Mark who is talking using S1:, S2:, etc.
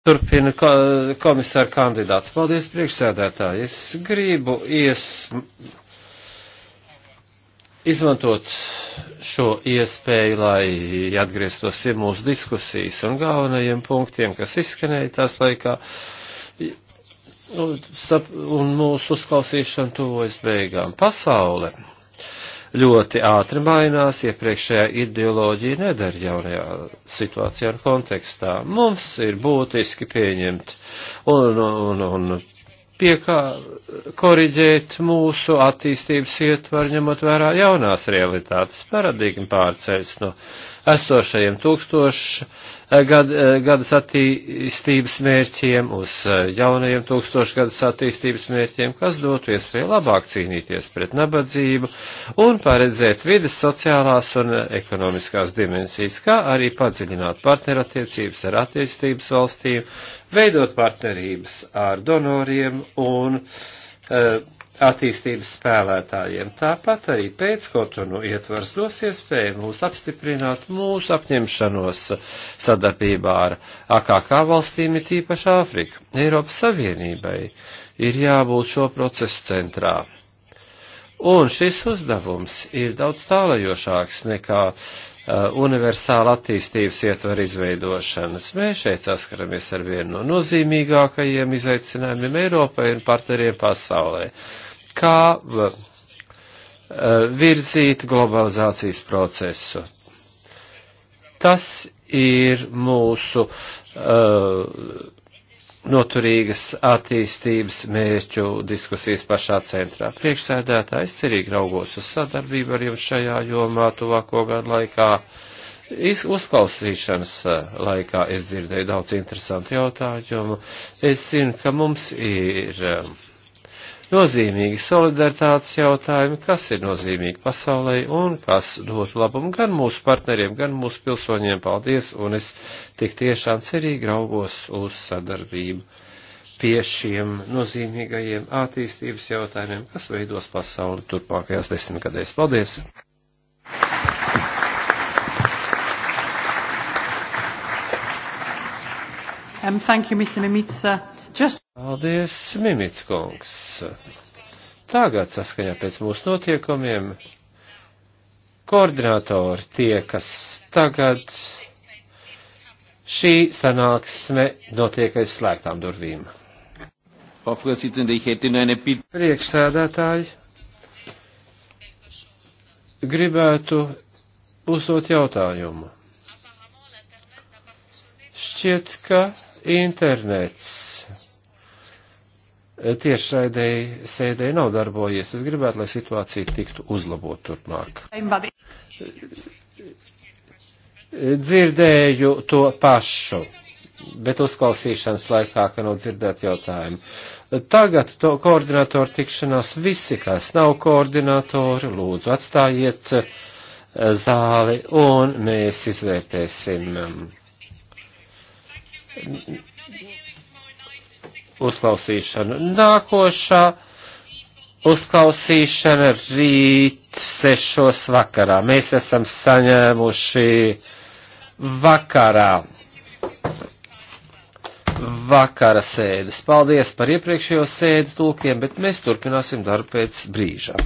S1: Turpina komisāra kandidāts. Paldies, priekšsēdētāji. Es gribu ies, izmantot šo iespēju, lai atgrieztos pie mūsu diskusijas un galvenajiem punktiem, kas izskanēja tās laikā. Un, sap, un mūsu uzklausīšana tuvojas beigām. Pasaule ļoti ātri mainās, iepriekšējā ideoloģija nedara jaunajā situācijā un kontekstā. Mums ir būtiski pieņemt un, un, un piekā koriģēt mūsu attīstības ietvaru, ņemot vērā jaunās realitātes paradigmu pārceļas no esošajiem tūkstošu eh, gad, eh, gadas attīstības mērķiem, uz eh, jaunajiem tūkstošu gadas attīstības mērķiem, kas dotu iespēju labāk cīnīties pret nabadzību un paredzēt vides sociālās un ekonomiskās dimensijas, kā arī padziļināt partnerattiecības ar attīstības valstīm, veidot partnerības ar donoriem un uh, attīstības spēlētājiem. Tāpat arī pēckotonu ietvars dos iespēju mūs apstiprināt mūsu apņemšanos sadarbībā ar AKK valstīm, it īpaši Āfriku. Eiropas Savienībai ir jābūt šo procesu centrā. Un šis uzdevums ir daudz tālajošāks nekā Uh, universāla attīstības ietvaru izveidošanas. Mēs šeit saskaramies ar vienu no nozīmīgākajiem izaicinājumiem Eiropai un partneriem pasaulē. Kā uh, virzīt globalizācijas procesu? Tas ir mūsu uh, noturīgas attīstības mērķu diskusijas pašā centrā. Priekšsēdētājs cerīgi raugos uz sadarbību ar jums šajā jomā tuvāko gadu laikā. Iz, uzklausīšanas eh, laikā es dzirdēju daudz interesantu jautājumu. Es zinu, ka mums ir. Um, nozīmīgi solidaritātes jautājumi, kas ir nozīmīgi pasaulē un kas dot labumu gan mūsu partneriem, gan mūsu pilsoņiem. Paldies, un es tik tiešām cerīgi raugos uz sadarbību pie šiem nozīmīgajiem attīstības jautājumiem, kas veidos pasauli turpmākajās desmitgadēs. Paldies! Um, thank you, Mr. Mimica. Paldies, Mimits kungs. Tagad saskaņā pēc mūsu notiekumiem koordinatori tie, kas tagad šī sanāksme notiek aiz slēgtām durvīm. Priekšsēdētāji, gribētu uzdot jautājumu. Šķiet, ka internets tiešraidēji sēdē nav darbojies. Es gribētu, lai situācija tiktu uzlabot turpmāk. Dzirdēju to pašu, bet uzklausīšanas laikā, ka nav dzirdēt jautājumu. Tagad to koordinatoru tikšanās visi, kas nav koordinatori, lūdzu atstājiet eh, zāli un mēs izvērtēsim uzklausīšanu. Nākošā uzklausīšana rīt sešos vakarā. Mēs esam saņēmuši vakarā vakara sēdes. Paldies par iepriekšējo sēdes tūkiem, bet mēs turpināsim darbu pēc brīža.